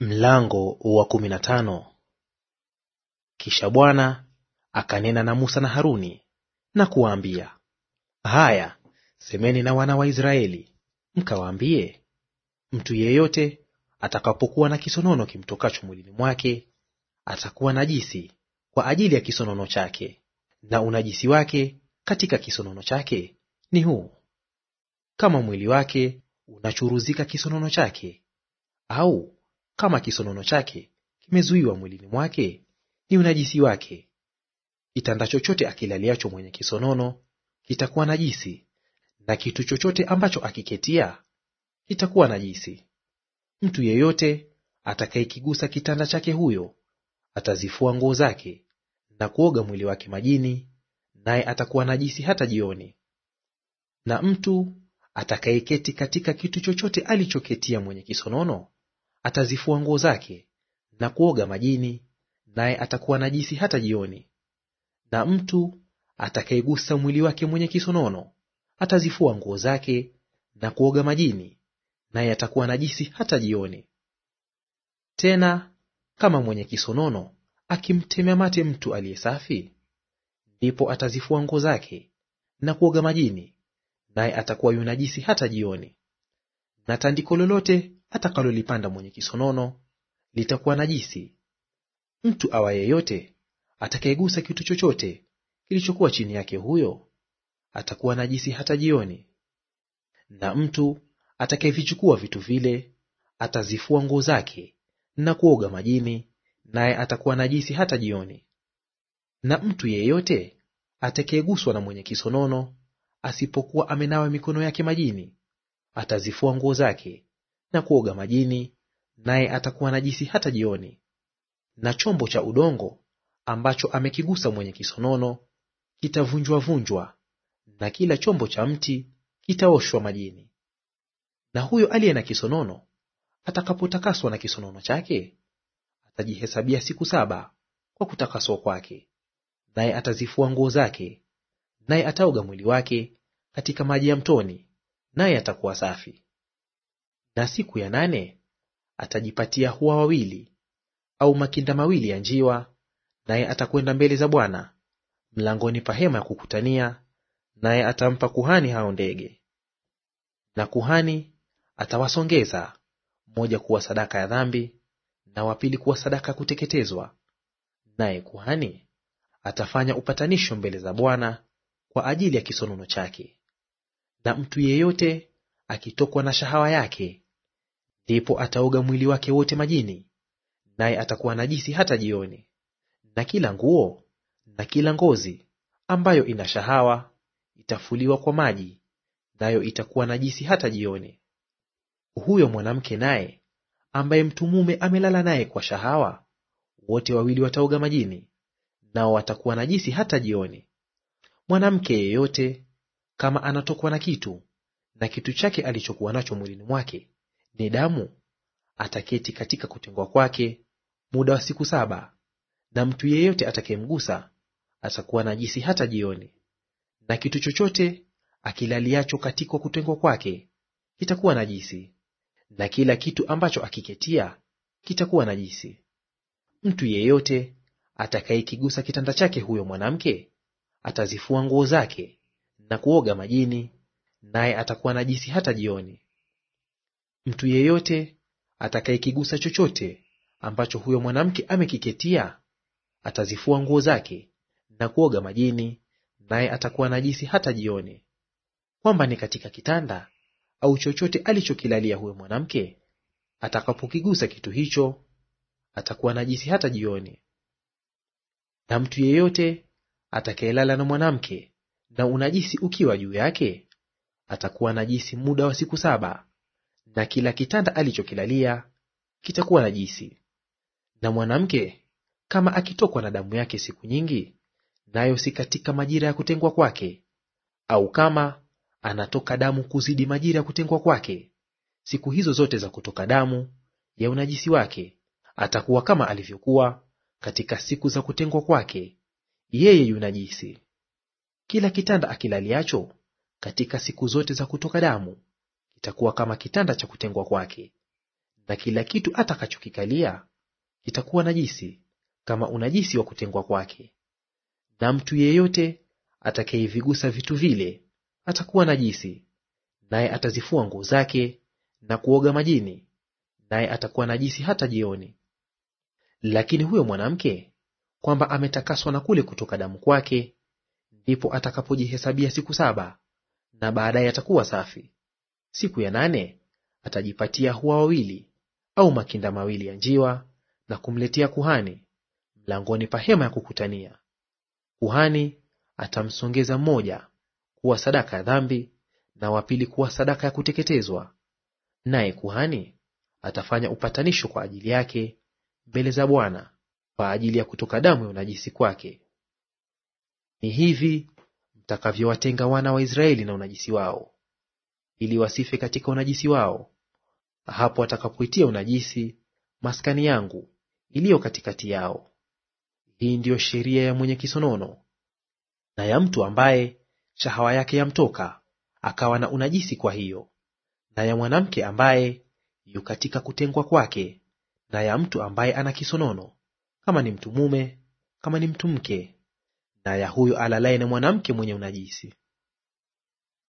Mlango wa kumi na tano. Kisha Bwana akanena na Musa na Haruni na kuwaambia, haya semeni na wana wa Israeli mkawaambie, mtu yeyote atakapokuwa na kisonono kimtokacho mwilini mwake atakuwa najisi kwa ajili ya kisonono chake, na unajisi wake katika kisonono chake ni huu: kama mwili wake unachuruzika kisonono chake, au kama kisonono chake kimezuiwa mwilini mwake, ni unajisi wake. Kitanda chochote akilaliacho mwenye kisonono kitakuwa najisi, na kitu chochote ambacho akiketia kitakuwa najisi. Mtu yeyote atakayekigusa kitanda chake, huyo atazifua nguo zake na kuoga mwili wake majini, naye atakuwa najisi hata jioni. Na mtu atakayeketi katika kitu chochote alichoketia mwenye kisonono atazifua nguo zake na kuoga majini, naye atakuwa najisi hata jioni. Na mtu atakayegusa mwili wake mwenye kisonono atazifua nguo zake na kuoga majini, naye atakuwa najisi hata jioni. Tena kama mwenye kisonono akimtemea mate mtu aliye safi, ndipo atazifua nguo zake na kuoga majini, naye atakuwa yunajisi hata jioni. Na tandiko lolote atakalolipanda mwenye kisonono litakuwa najisi. Mtu awa yeyote atakayegusa kitu chochote kilichokuwa chini yake, huyo atakuwa najisi hata jioni. Na mtu atakayevichukua vitu vile atazifua nguo zake na kuoga majini, naye atakuwa najisi hata jioni. Na mtu yeyote atakayeguswa na mwenye kisonono asipokuwa amenawa mikono yake majini, atazifua nguo zake na kuoga majini, naye atakuwa najisi hata jioni. Na chombo cha udongo ambacho amekigusa mwenye kisonono kitavunjwa-vunjwa, na kila chombo cha mti kitaoshwa majini. Na huyo aliye na kisonono atakapotakaswa na kisonono chake, atajihesabia siku saba kwa kutakaswa kwake, naye atazifua nguo zake, naye ataoga mwili wake katika maji ya mtoni, naye atakuwa safi. Na siku ya nane atajipatia hua wawili au makinda mawili ya njiwa, naye atakwenda mbele za Bwana mlangoni pa hema ya kukutania, naye atampa kuhani hao ndege. Na kuhani atawasongeza mmoja kuwa sadaka ya dhambi na wapili kuwa sadaka ya kuteketezwa, naye kuhani atafanya upatanisho mbele za Bwana kwa ajili ya kisonono chake. Na mtu yeyote akitokwa na shahawa yake ndipo ataoga mwili wake wote majini, naye atakuwa najisi hata jioni. Na kila nguo na kila ngozi ambayo ina shahawa itafuliwa kwa maji, nayo itakuwa najisi hata jioni. Huyo mwanamke naye ambaye mtu mume amelala naye kwa shahawa, wote wawili wataoga majini, nao watakuwa najisi hata jioni. Mwanamke yeyote kama anatokwa na kitu na kitu chake alichokuwa nacho mwilini mwake ni damu, ataketi katika kutengwa kwake muda wa siku saba, na mtu yeyote atakayemgusa atakuwa najisi hata jioni. Na kitu chochote akilaliacho katika kutengwa kwake kitakuwa najisi, na kila kitu ambacho akiketia kitakuwa najisi. Mtu yeyote atakayekigusa kitanda chake huyo mwanamke atazifua nguo zake na kuoga majini, naye atakuwa najisi hata jioni. Mtu yeyote atakayekigusa chochote ambacho huyo mwanamke amekiketia atazifua nguo zake na kuoga majini, naye atakuwa najisi hata jioni. Kwamba ni katika kitanda au chochote alichokilalia huyo mwanamke, atakapokigusa kitu hicho atakuwa najisi hata jioni. Na mtu yeyote atakayelala na mwanamke na unajisi ukiwa juu yake atakuwa najisi muda wa siku saba na kila kitanda alichokilalia kitakuwa najisi. Na mwanamke kama akitokwa na damu yake siku nyingi, nayo si katika majira ya kutengwa kwake, au kama anatoka damu kuzidi majira ya kutengwa kwake, siku hizo zote za kutoka damu ya unajisi wake, atakuwa kama alivyokuwa katika siku za kutengwa kwake; yeye yunajisi. Kila kitanda akilaliacho katika siku zote za kutoka damu kitakuwa kama kitanda cha kutengwa kwake, na kila kitu atakachokikalia kitakuwa najisi kama unajisi wa kutengwa kwake. Na mtu yeyote atakayevigusa vitu vile atakuwa najisi, naye atazifua nguo zake na kuoga majini, naye atakuwa najisi hata jioni. Lakini huyo mwanamke kwamba ametakaswa na kule kutoka damu kwake, ndipo atakapojihesabia siku saba, na baadaye atakuwa safi. Siku ya nane atajipatia hua wawili au makinda mawili ya njiwa na kumletea kuhani mlangoni pa hema ya kukutania. Kuhani atamsongeza mmoja kuwa sadaka ya dhambi na wapili kuwa sadaka ya kuteketezwa, naye kuhani atafanya upatanisho kwa ajili yake mbele za Bwana kwa ajili ya kutoka damu ya unajisi kwake. Ni hivi mtakavyowatenga wana wa Israeli na unajisi wao ili wasife katika unajisi wao, hapo atakapoitia unajisi maskani yangu iliyo katikati yao. Hii ndiyo sheria ya mwenye kisonono na ya mtu ambaye shahawa yake yamtoka akawa na unajisi kwa hiyo, na ya mwanamke ambaye yu katika kutengwa kwake, na ya mtu ambaye ana kisonono, kama ni mtu mume, kama ni mtu mke, na ya huyo alalaye na mwanamke mwenye unajisi.